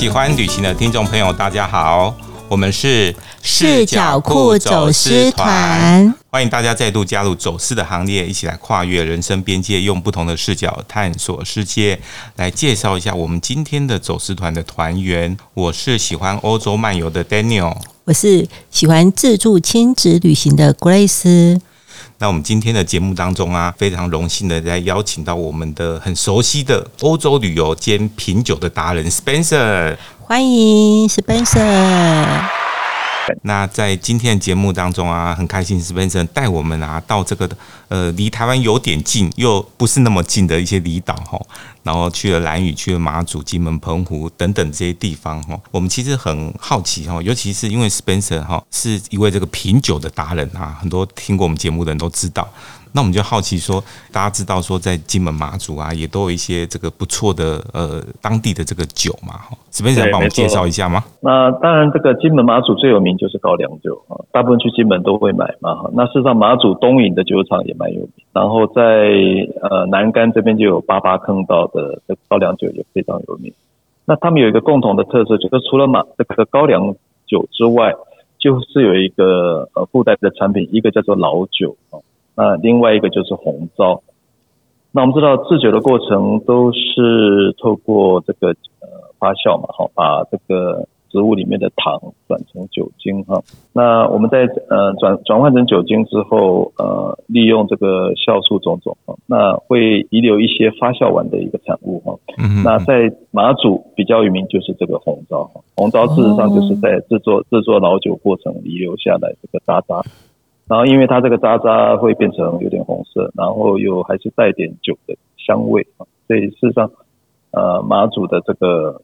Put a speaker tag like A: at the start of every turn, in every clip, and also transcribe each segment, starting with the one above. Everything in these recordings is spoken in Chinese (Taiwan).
A: 喜歡旅行的聽眾朋友，大家好，我們是視角酷走私團，歡迎大家再度加入走私的行列，一起來跨越人生邊界，用不同的視角探索世界。來介紹一下我們今天的走私團的團員，我是喜歡歐洲漫遊的 Daniel，
B: 我是喜歡自助親子旅行的 Grace。
A: 那我們今天的節目當中啊，非常榮幸的在邀請到我們的很熟悉的歐洲旅遊兼品酒的達人 Spencer，
B: 歡迎 Spencer。
A: 那在今天的節目當中啊，很開心 Spencer 帶我們啊到這個呃離台灣有點近又不是那麼近的一些離島吼，然後去了蘭嶼、去了馬祖、金門、澎湖等等這些地方吼、哦，我們其實很好奇哈、哦，尤其是因為 Spencer 哈、哦、是一位這個品酒的達人啊，很多聽過我們節目的人都知道。那我們就好奇說，大家知道說在金門馬祖啊，也都有一些這個不錯的呃當地的這個酒嘛，哈，
C: 這邊想幫我介紹一下嗎？那當然，這個金門馬祖最有名就是高粱酒啊，大部分去金門都會買嘛，哈。那事實上，馬祖東引的酒廠也蠻有名，然後在呃南竿這邊就有八八坑道的這高粱酒也非常有名。那他們有一個共同的特色，就是除了馬這個高粱酒之外，就是有一個呃附帶的產品，一個叫做老酒啊。啊、嗯，另外一個就是紅糟，那我們知道製酒的過程都是透過這個呃發酵嘛，好，把這個植物裡面的糖轉成酒精哈。那我們在呃轉轉換成酒精之後，呃，利用這個酵素種種，那會遺留一些發酵完的一個產物哈、嗯嗯。那在馬祖比較有名就是這個紅糟哈，紅糟事實上就是在製作、嗯、製作老酒過程遺留下來這個渣渣。然後，因為它這個渣渣會變成有點紅色，然後又還是帶點酒的香味。所以，事實上，呃，馬祖的這個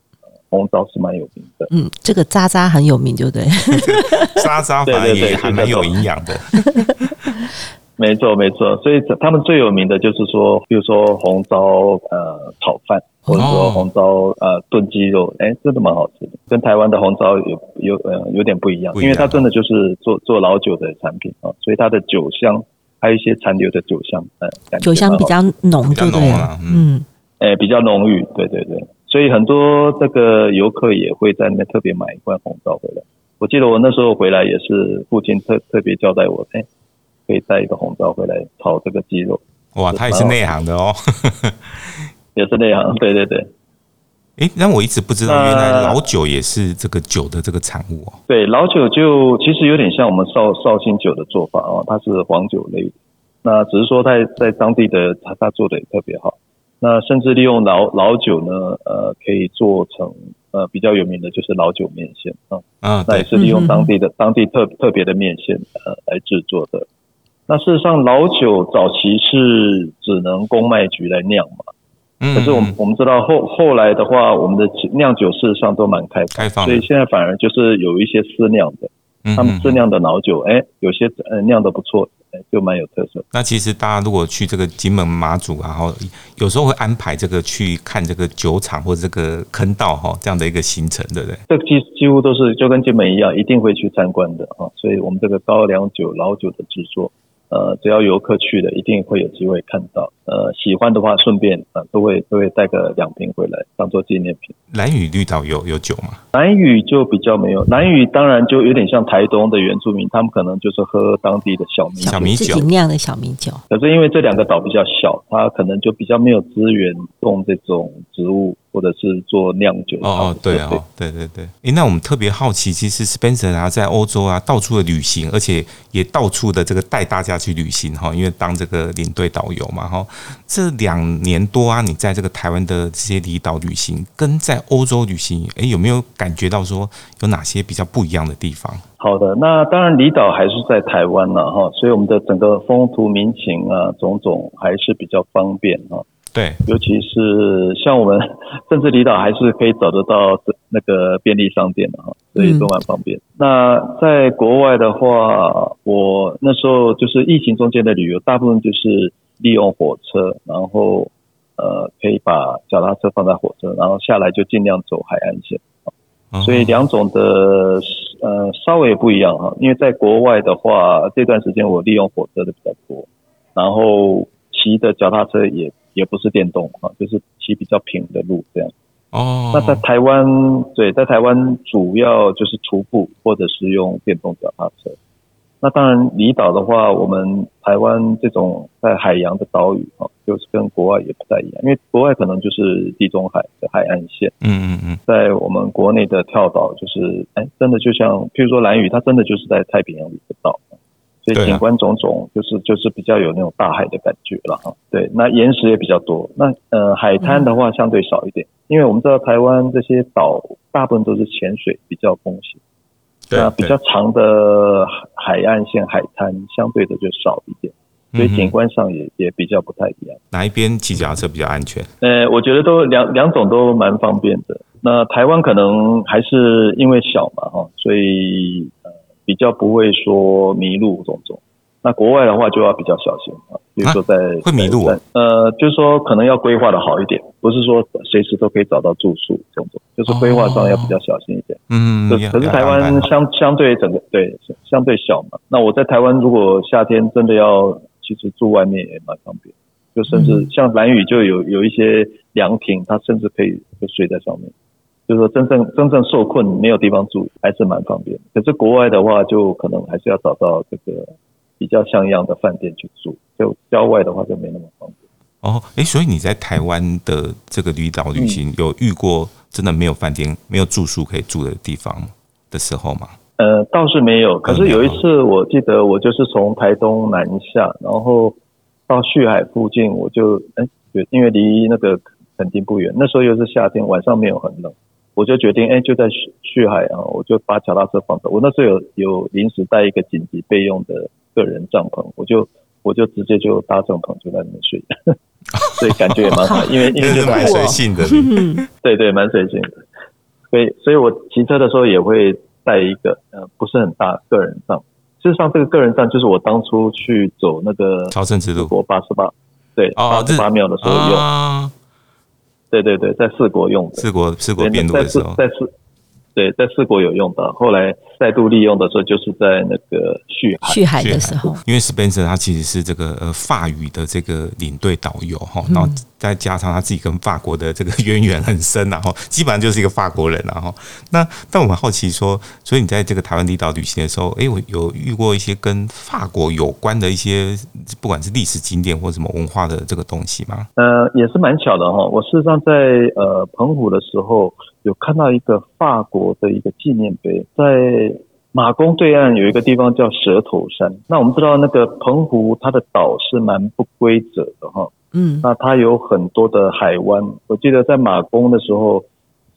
C: 紅糟是蠻有名的。
B: 嗯，這個渣渣很有名就對。
C: 渣渣反而也還蠻有營養的。嗯，這個渣渣 沒錯，沒錯，所以他們最有名的就是說，比如說紅糟呃炒飯，Oh. 或者說紅糟呃燉雞肉，誒真的蠻好吃的，跟台灣的紅糟有有呃有，有點不一樣，不一樣，因為它真的就是做做老酒的產品啊、哦，所以它的酒香還有一些殘留的酒香，呃、感覺酒香比較
B: 濃的、
C: 啊，嗯，哎，比較濃郁，對對對，所以很多這個遊客也會在那邊特別買一罐紅糟回來。我記得我那時候回來也是父親特特別交代我，誒可以帶一個紅糟回來炒這個雞肉。哇，他也是內行的哦 也是內
A: 行。對對對、欸。誒，那我一直不知道，原來老酒也是這個酒的這個產物哦、
C: 喔啊。對，老酒就其實有點像我們紹紹興酒的做法哦、啊，它是黃酒類。那只是說在在當地的他他做的也特別好。那甚至利用老老酒呢，呃，可以做成呃比較有名的，就是老酒面線啊啊，那也是利用當地的嗯嗯當地特特別的麵線呃來制作的。那事實上，老酒早期是只能公賣局來釀嘛，嗯，可是我我們知道後嗯嗯後來的話，我們的釀酒事實上都蠻開放，開放，所以現在反而就是有一些私釀的，嗯，他們私釀的老酒，誒、嗯嗯嗯欸、有些呃釀得不錯誒、欸、就蠻
A: 有特色。那其實大家如果去這個金門馬祖、啊，然後有時候會安排這個去看這個酒廠或者這個坑道哈、哦、這樣的一個行程的，對不對？
C: 這幾、個、幾乎都是就跟金門一樣，一定會去參觀的啊。所以我們這個高粱酒老酒的制作。呃，只要遊客去了，一定會有機會看到。呃，喜歡的話，順便啊，都會都會帶個兩瓶回來，當做紀念品。
A: 蘭嶼綠島有有酒嗎？
C: 蘭嶼就比較沒有，蘭嶼當然就有點像台東的原住民，他們可能就是喝當地的小米酒小米酒，自己
B: 釀的小米酒。
C: 可是因為這兩個島比較小，它可能就比較沒有資源種這種植物。或者是做釀酒哦，對，哦對
A: 對對對誒，那我們特別好奇，其實 Spencer 啊，在歐洲啊到處的旅行，而且也到處的這個帶大家去旅行哈，因為當這個領隊導遊嘛哈。這兩年多啊，你在這個台灣的這些離島旅行，跟在歐洲旅行誒，有沒有感覺到說有哪些比較不一樣的地方？
C: 好的，那當然離島還是在台灣了哈，所以我們的整個風土民情啊種種還是比較方便對，尤其是像我們，甚至離島還是可以找得到那個便利商店的哈，嗯，所以都蠻方便。那在國外的話，我那時候就是疫情中間的旅遊，大部分就是利用火車，然後呃可以把腳踏車放在火車，然後下來就盡量走海岸線。所以兩種的呃稍微不一樣哈，因為在國外的話，這段時間我利用火車的比較多，然後騎的腳踏車也。也不是電動啊，就是騎比較平的路這樣。哦、
A: oh.。那在
C: 台灣，對，在台灣主要就是徒步或者是用電動腳踏車。那當然，離島的話，我們台灣這種在海洋的島嶼啊，就是跟國外也不太一樣，因為國外可能就是地中海的海岸線。嗯嗯嗯。在我們國內的跳島，就是哎、欸，真的就像，譬如說蘭嶼，它真的就是在太平洋裡的島。所以景觀種種，就是就是比較有那種大海的感覺了啊。對，那岩石也比較多。那呃，海灘的話相對少一點，因為我們知道台灣這些島大部分都是潛水，比較風險。那比較長的海岸線海灘相對的就少一點，
A: 所以景觀
C: 上也也比較不太一樣。
A: 哪一邊騎腳踏車比較安全？
C: 呃，我覺得都兩兩種都蠻方便的。那台灣可能還是因為小嘛，哈，所以。比較不會說迷路這種種，那國外的話就要比較小心啊。比、就、如、是、說在、啊、會迷路呃，就是說可能要規劃的好一點，不是說隨時都可以找到住宿這種種、哦，就是規劃上要比較小心一點。嗯可是台灣相、嗯嗯、台灣相對整個、嗯、對相對小嘛，那我在台灣如果夏天真的要其實住外面也蠻方便，就甚至、嗯、像蘭嶼就有有一些涼亭，它甚至可以就睡在上面。就是說，真正真正受困沒有地方住，還是蠻方便。可是國外的話，就可能還是要找到這個比較像樣的飯店去住。就郊外的話，就沒那麼方
A: 便。哦，哎、欸，所以你在台灣的這個離島旅行、嗯，有遇過真的沒有飯店、沒有住宿可以住的地方的時候嗎？
C: 呃，倒是沒有。可是有一次，我記得我就是從台東南下，然後到旭海附近，我就哎，對、欸，因為離那個墾丁不遠，那時候又是夏天，晚上沒有很冷。我就決定，哎、欸，就在旭旭海啊，我就把腳踏車放走。我那時候有有臨時帶一個緊急備用的個人帳篷，我就我就直接就搭帳篷就在裡面睡， 所以感覺也蠻好 因，因為因為蠻隨性的， 對對，蠻隨性的。所以所以我騎車的時候也會帶一個呃，不是很大個人帳。事實上，這個個人帳就是我當初去走那
A: 個朝聖之路國八十八，88, 對，
C: 八十八秒的時候、哦、用。啊對對對，在四國用的，四國四國邊度的時候在四，在四，對，在四國有用的，後
A: 來。再度利
C: 用的時候，就是在那個旭海的時
A: 候，因為 Spencer 他其實是這個、呃、法語的這個領隊導遊哈，然後再加上他自己跟法國的這個淵源很深，然後基本上就是一個法國人，然後那但我們好奇說，所以你在這個台灣離島旅行的時候，哎、欸，我有遇過一些跟法國有關的一些，不管是歷史景點或什麼文化的這個東西嗎？
C: 呃，也是蠻巧的哈，我事實上在呃澎湖的時候，有看到一個法國的一個紀念碑在。馬公對岸有一個地方叫蛇頭山，那我們知道那個澎湖它的島是蠻不規則的哈，嗯，那它有很多的海灣。我記得在馬公的時候，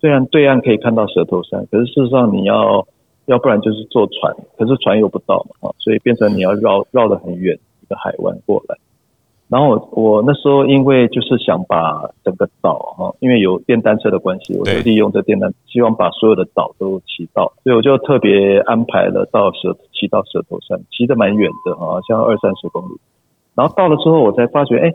C: 雖然對岸可以看到蛇頭山，可是事實上你要要不然就是坐船，可是船又不到嘛，啊，所以變成你要繞繞得很遠一個海灣過來。然後我我那時候因為就是想把整個島哈，因為有電單車的關係，我就利用這電單，希望把所有的島都騎到，所以我就特別安排了到蛇騎到蛇頭山，騎得蠻遠的，好像二三十公里。然後到了之後，我才發覺，哎，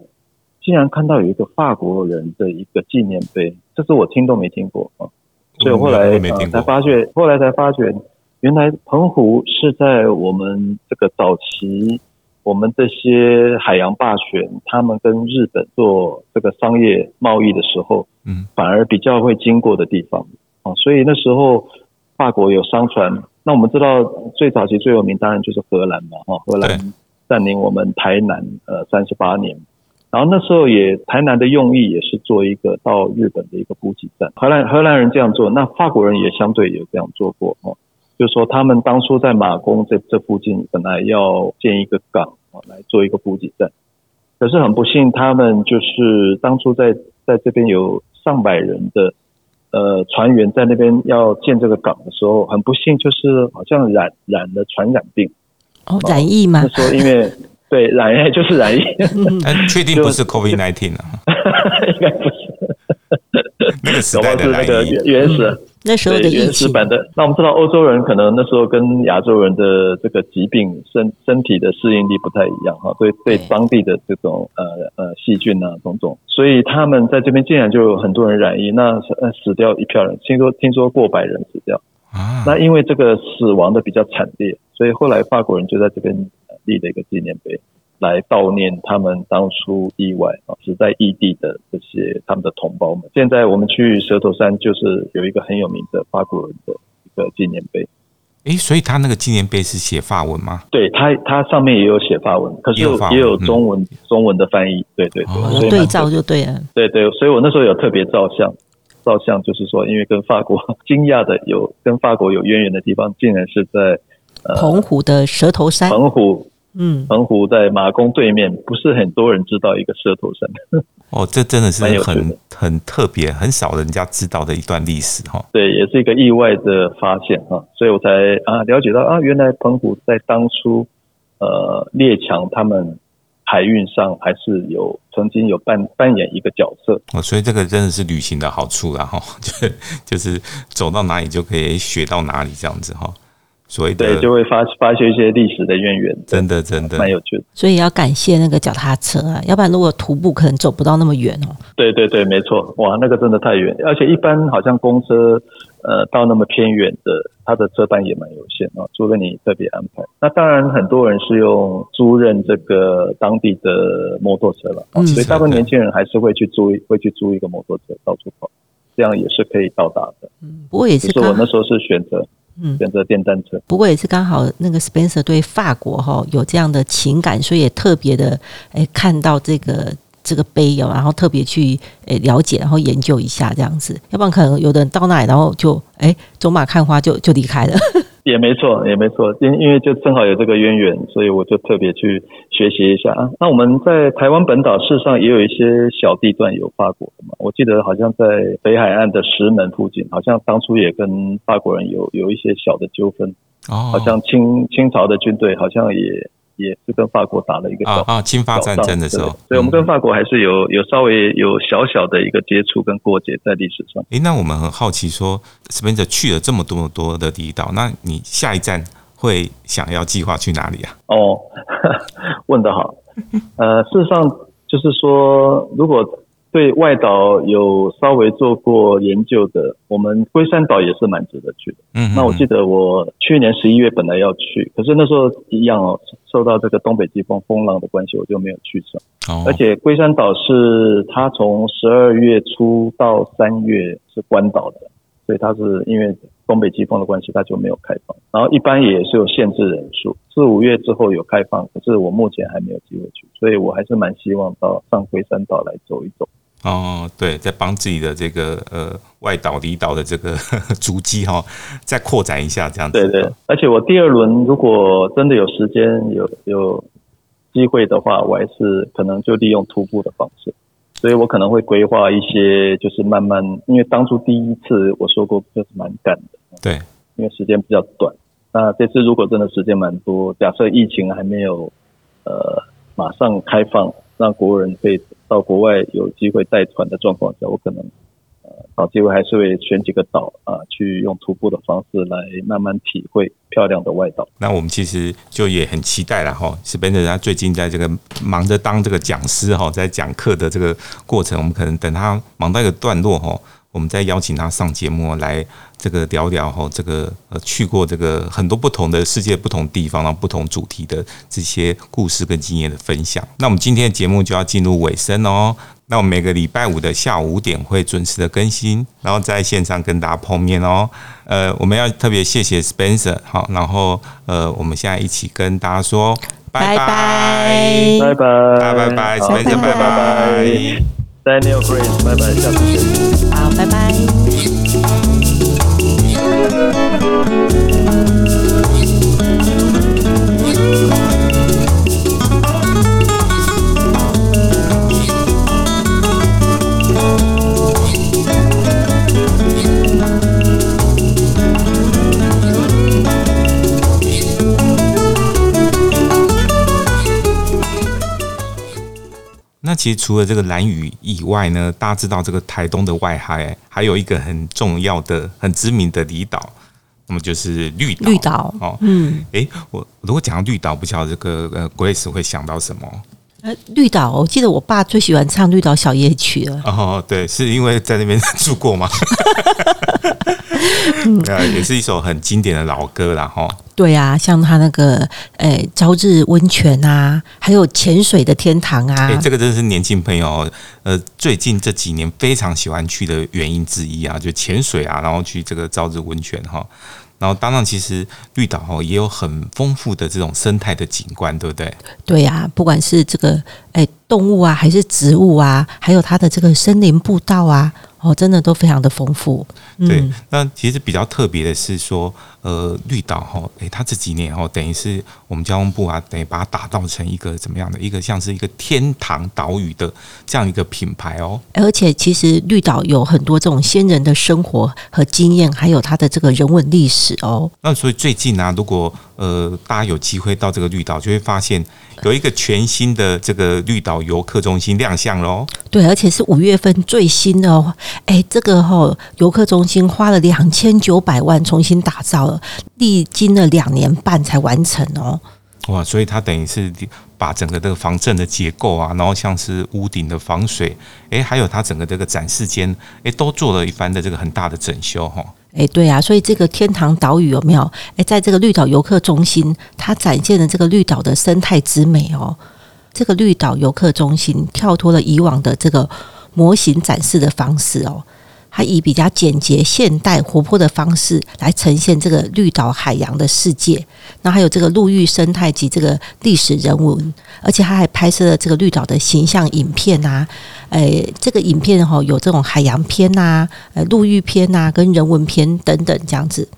C: 竟然看到有一個法國人的一個紀念碑，這是我聽都沒聽過啊，所以我後來我、呃、才發覺，後來才發覺，原來澎湖是在我們這個早期。我們這些海洋霸權，他們跟日本做這個商業貿易的時候，嗯，反而比較會經過的地方，所以那時候法國有商船，那我們知道最早期最有名當然就是荷蘭嘛，荷蘭佔領我們台南呃三十八年，然後那時候也台南的用意也是做一個到日本的一個補給站，荷蘭，荷蘭荷蘭人這樣做，那法國人也相對有這樣做過。就是說，他們當初在馬公這這附近本來要建一個港來做一個補給站，可是很不幸，他們就是當初在在這邊有上百人的呃船員在那邊要建這個港的時候，很不幸就是好像染染了傳染病
B: 哦，染疫嗎？他說
C: 因為，對染疫就是染疫，誒，
A: 確定不是 COVID-19 啊，應該不是那個時代，那染原始。嗯那時候的，對原始版的，那我們知道歐洲人可
C: 能那時候跟亞洲人的這個疾病身身體的適應力不太一樣哈，所以對當地的這種呃呃細菌啊種種，所以他們在這邊竟然就有很多人染疫，那死掉一票人，聽說聽說過百人死掉。啊。那因為這個死亡的比較慘烈，所以後來法國人就在這邊立了一個紀念碑。.來悼念他們當初意外啊死在異地的這些他們的同胞們。現在我們去蛇頭山，就是有一個很有名的法國人的一個紀念碑。
A: 哎、欸，所以他那個紀念碑是寫法文嗎？
C: 對，它它上面也
A: 有寫法文，可是也
C: 有中文，文嗯、中文的翻譯。對對，對、哦，所以對
B: 照就對了。
C: 對，對對，所以我那時候有特別照相，照相就是說，因為跟法國驚訝的有跟法國有淵源的地方，竟然是在、呃、澎
B: 湖的蛇頭山。澎湖。嗯，
C: 澎湖在馬公對面，不是很多人知道一個蛇頭山
A: 哦，這真的是很很特別，很少人家知道的一段歷史哈、哦。對，也是一個意外的發現哈、哦，所以我才
C: 啊了解到啊，原來澎湖在當初呃列強他們海運上，還是有曾經有扮扮演一個角色
A: 哦，所以這個真的是旅行的好處了、啊、哈、哦，就就是走到哪裡就可以學到哪裡這樣子哈。哦所以對，就會發發掘一些歷史的淵源，真的，真的蠻有趣的。
B: 所以要感謝那個腳踏車啊，要不然如果徒步可能走不到那麼遠哦。
C: 對對對，沒錯，哇，那個真的太遠，而且一般好像公車，呃，到那麼偏遠的，它的車班也蠻有限啊、哦，除非你特別安排。那當然，很多人是用租賃這個當地的摩托車了、嗯，所以大部分年輕人還是會去租，會去租一個摩托車到處跑，這樣也是可以到達的。嗯，不過也是。可是我那時候是選擇。嗯，
B: 選擇電單車。不過也是剛好，那個 Spencer 對法國哈有這樣的情感，所以也特別的，哎、欸、看到這個這個碑，然後特別去哎了解，然後研究一下這樣子。要不然可能有的人到那裡，然後就哎、欸、走馬看花就就離開了。
C: 也沒錯，也沒錯，因因為就正好有這個淵源，所以我就特別去學習一下啊。那我們在台灣本島，事實上也有一些小地段有法國的嘛。我記得好像在北海岸的石門附近，好像當初也跟法國人有有一些小的糾紛，
A: 好像
C: 清清朝的軍隊好像也。也是跟法國打了一個啊啊，清、啊、法戰爭的時候對、嗯，所以我們跟法國還是有有稍微有小小的一個接觸跟過
A: 節在歷史上。嗯、誒,那我們很好奇說，說 Spencer 去了這麼多多的離島，那你下一站會想要計劃去哪裡啊？
C: 哦，問得好。呃，事實上就是說，如果對外島有稍微做過研究的，我們龜山島也是蠻值得去的。嗯，那我記得我去年十一月本來要去，可是那時候一樣哦，受到這個東北季風風浪的關係，我就沒有去成。哦，而且龜山島是它從十二月初到三月是關島的，所以它是因為東北季風的關係，它就沒有開放。然後一般也是有限制人數，四五月之後有開放，可是我目前還沒有機會去，所以我還是蠻希望到上龜山島來走一走。
A: 哦，對，在幫自己的這個呃外島離島的這個呵呵足跡哈、哦，再擴展一下這樣子。對對，
C: 而且我第二輪如果真的有時間有有機會的話，我還是可能就利用徒步的方式，所以我可能會規劃一些，就是慢慢，因為當初第一次我說過就是蠻趕的，對，因為時間比較短。那這次如果真的時間蠻多，假設疫情還沒有呃馬上開放，讓國人可以。到國外有機會帶團的狀況下，我可能呃找機會還是會選幾個島啊，去用徒步的方式來慢慢體會漂亮的外島。
A: 那我們其實就也很期待了哈，Spencer 他最近在這個忙着當這個講師哈，在講課的這個過程，我們可能等他忙到一個段落哈。我們再邀請他上節目、喔、來這個聊聊哈、喔，這個呃去過這個很多不同的世界、不同地方、不同主題的這些故事跟經驗的分享。那我們今天的節目就要進入尾聲哦。那我們每個禮拜五的下午五點會準時的更新，然後在現場跟大家碰面哦、喔。呃，我們要特別謝謝 Spencer，好，然後呃，我們現在一起跟大家說，拜拜，拜拜，拜拜拜，再見，
C: 拜拜拜拜 Spencer 拜拜拜 Daniel Grace，拜拜，拜，下次見。
B: 拜拜。
A: 除了這個蘭嶼以外呢，大家知道這個台東的外海還有一個很重要的，很知名的離島，那麼就是綠島。綠島哦，嗯，誒、欸，我如果講綠島，不曉得這個呃 Grace 會想到什麼？
B: 綠島，我記得我爸最喜歡唱《綠島小夜曲》了。
A: 哦，對，是因為在那邊住過嘛。嗯， 也是一首很經典的老歌啦哈。
B: 對啊，像他那個誒，朝日溫泉啊，還有潛水的天堂啊，這個
A: 真是年輕朋友呃最近這幾年非常喜歡去的原因之一啊，就潛水啊，然後去這個朝日溫泉哈、啊。然後，當然，其實綠島也有很豐富的這種生態的景觀，對不對？
B: 對呀，啊，不管是這個誒，哎，動物啊，還是植物啊，還有它的這個森林步道啊，哦，真的都非常的豐富。
A: 嗯。對，那其實比較特別的是說。呃，綠島哈、哦，誒，它這幾年哈、哦，等於是我們交通部啊，等於把它打造成一個怎麼樣的？一個像是一個天堂島嶼的這樣一個品牌哦。
B: 而且，其實綠島有很多這種先人的生活和經驗，還有它的這個人文歷史哦。
A: 那所以最近啊，如果呃大家有機會到這個綠島，就會發現有一個全新的這個綠島遊客中心亮相嘍。
B: 對，而且是五月份最新的哦。誒，這個哈、哦、遊客中心花了兩千九百萬重新打造。歷經了兩年半才完成哦，
A: 哇！所以它等於是把整個這個防震的結構啊，然後像是屋頂的防水，誒，還有它整個這個展示間，誒，都做了一番的這個很大的整修哈。
B: 誒，對啊，所以這個天堂島嶼有沒有？誒，在這個綠島遊客中心，它展現了這個綠島的生態之美哦。這個綠島遊客中心跳脫了以往的這個模型展示的方式哦。它以比較簡潔、現代、活潑的方式來呈現這個綠島海洋的世界，那還有這個陸域生態及這個歷史人文，而且它還拍攝了這個綠島的形象影片啊，誒、欸，這個影片吼有這種海洋片吶、啊，呃，陸域片吶、啊，跟人文片等等這樣子。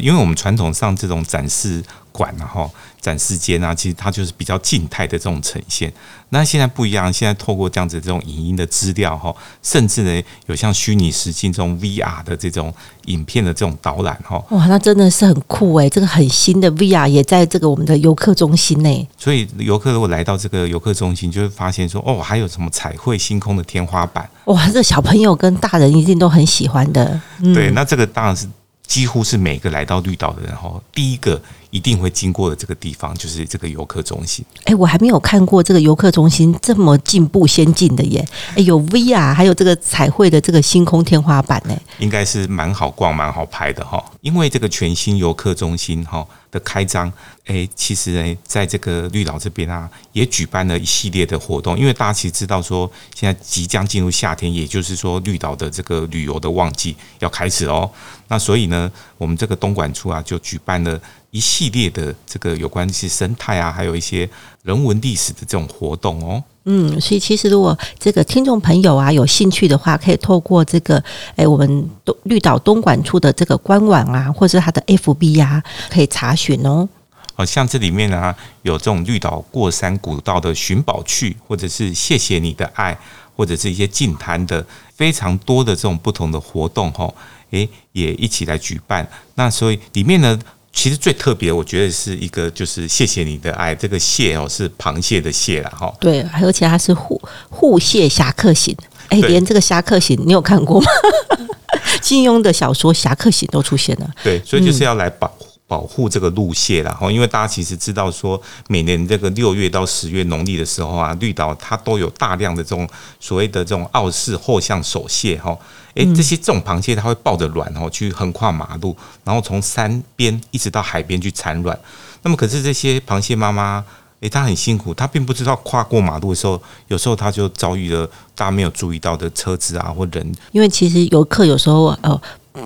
A: 因為我們傳統上這種展示館，然後展示間啊，其實它就是比較靜態的這種呈現。那現在不一樣，現在透過這樣子的這種影音的資料哈，甚至呢有像虛擬實境這種 VR 的這種影片的這種導覽哈。
B: 哇，那真的是很酷誒、欸，這個很新的 VR 也在這個我們的遊客中心內、欸。
A: 所以遊客如果來到這個遊客中心，就會發現說哦，還有什麼彩繪星空的天花板？
B: 哇，這小朋友跟大人一定都很喜歡的。嗯、
A: 對，那這個當然是。幾乎是每個來到綠島的人哈，第一個一定會經過的這個地方就是這個遊客中心。
B: 哎、欸，我還沒有看過這個遊客中心這麼進步先進的耶！哎、欸，有 VR，還有這個彩繪的這個星空天花板呢，
A: 應該是蠻好逛、蠻好拍的哈。因為這個全新遊客中心哈。的開張，哎、欸，其實呢，在這個綠島這邊啊，也舉辦了一系列的活動，因為大家其實知道說，現在即將進入夏天，也就是說綠島的這個旅遊的旺季要開始哦。那所以呢，我們這個東管處啊，就舉辦了一系列的這個有關一些生態啊，還有一些人文歷史的這種活動
B: 哦。嗯，所以其實如果這個聽眾朋友啊有興趣的話，可以透過這個哎，我們東綠島東管處的這個官網啊，或是它的 F B 呀，啊，可以查詢哦。
A: 好像這裡面呢，有這種綠島過山古道的尋寶趣，或者是蟹蟹你的愛，或者是一些淨灘的非常多的這種不同的活動哈。哎，也一起來舉辦。那所以裡面呢。其實最特別，我覺得是一個就是謝謝你的愛，這個蟹哦是螃蟹的蟹了哈。對，
B: 還有其他是護蟹俠客行。哎、欸，連這個俠客行你有看過嗎？ 金庸的小說俠客行都出現了。
A: 對，所以就是要來保、嗯、保護這個陸蟹了哈，因為大家其實知道說每年這個六月到十月農曆的時候啊，綠島它都有大量的這種所謂的這種奧氏後相手蟹哈。哎，這些這種螃蟹，它會抱着卵去橫跨馬路，然後從山邊一直到海邊去產卵。那麼，可是這些螃蟹媽媽，哎，她很辛苦，她並不知道跨過馬路的時候，有時候她就遭遇了大家沒有注意到的車子啊或人。
B: 因為其實遊客有時候哦，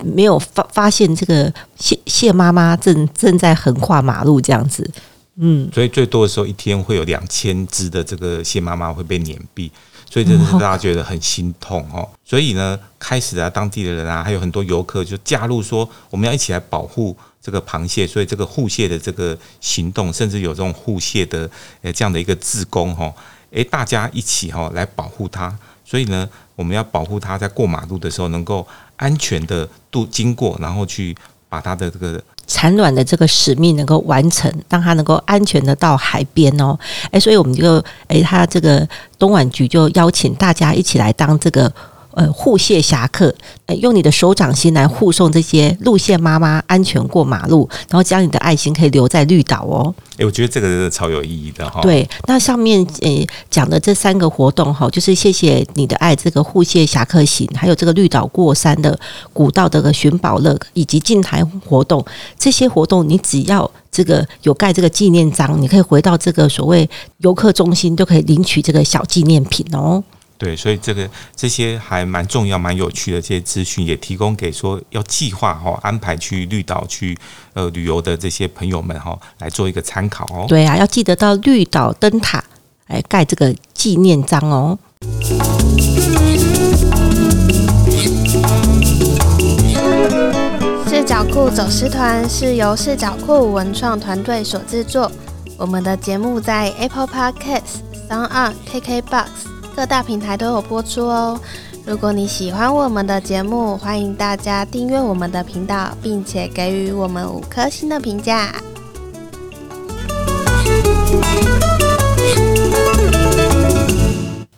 B: 沒有發發現這個蟹蟹媽媽正正在橫跨馬路這樣子。嗯，
A: 所以最多的時候一天會有兩千只的這個蟹媽媽會被碾斃。所以真的是大家覺得很心痛哦，所以呢，開始啊，當地的人啊，還有很多遊客就加入說，我們要一起來保護這個螃蟹，所以這個護蟹的這個行動，甚至有這種護蟹的誒這樣的一個志工哈，誒，大家一起哈、哦、來保護它，所以呢，我們要保護它在過馬路的時候能夠安全的度經過，然後去。把它的這個
B: 產卵的這個使命能夠完成，讓它能夠安全的到海邊哦。哎、欸，所以我們就哎、欸，他這個東管局就邀請大家一起來當這個。呃、嗯，護蟹俠客、欸，用你的手掌心來護送這些陸蟹媽媽安全過馬路，然後將你的愛心可以留在綠島哦。
A: 誒、欸，我覺得這個真的超有意義的哈、哦。對，
B: 那上面誒講、欸、的這三個活動哈，就是謝謝你的愛，這個護蟹俠客行，還有這個綠島過山的古道的個尋寶樂，以及淨灘活動，這些活動你只要這個有蓋這個紀念章，你可以回到這個所謂遊客中心，就可以領取這個小紀念品哦。
A: 對，所以這個這些還蠻重要，蠻有趣的這些資訊，也提供給說要計劃哈、哦、安排去綠島去呃旅遊的這些朋友們哈、哦，來做一個參考哦。對啊，要
B: 記得到綠島燈塔來蓋這個紀念章哦。視角酷走私團是由視角酷文創團隊所製作。我們的節目在 Apple Podcast、SoundOn、KK Box。各大平台都有播出哦！如果你喜歡我們的節目，歡迎大家訂閱我們的頻道，並且給予我們五顆星的評價。